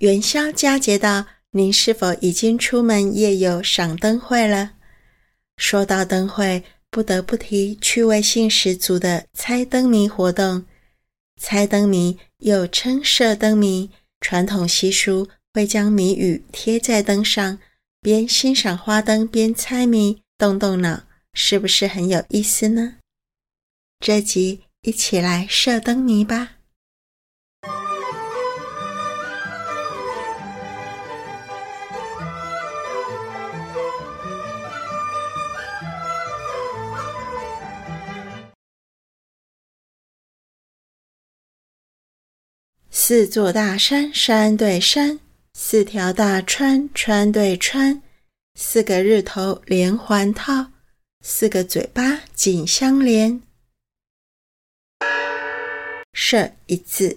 元宵佳節到，您是否已經出門夜遊賞燈會了？說到燈會，不得不提趣味性十足的猜燈謎活動。猜燈謎又稱射燈謎，傳統習俗會將謎語貼在燈上，邊欣賞花燈邊猜謎，動動腦，是不是很有意思呢？這集一起來射燈謎吧。四座大山，山對山；四條大川，川對川；四個日頭連環套，四個嘴巴緊相連。射一字。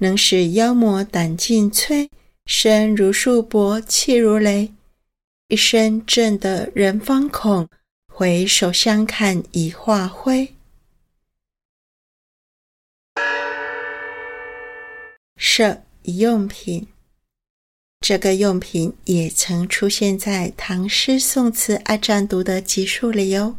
能使妖魔膽盡摧，身如束帛，氣如雷。一聲震得人方恐，回首相看已化灰。射一用品，這個用品也曾出現在《唐詩宋詞愛戰讀》的集數裡喲。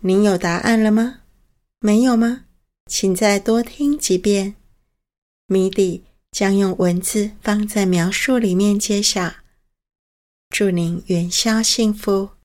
您有答案了嗎？沒有嗎？請再多聽幾遍。謎底將用文字放在描述裡面揭曉。祝您元宵幸福。